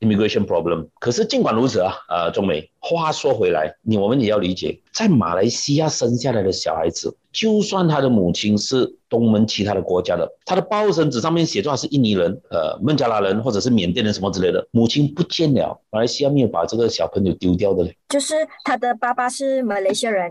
Immigration problem 可是儘管如此啊，呃，中美。話說回來，你我們也要理解，在馬來西亞生下來的小孩子，就算他的母親是東盟其他的國家的，他的報身紙上面寫住是印尼人、呃孟加拉人或者是緬甸人什麼之類的，母親不見了，馬來西亞沒有把這個小朋友丟掉的咧。就是他的爸爸是馬來西亞人。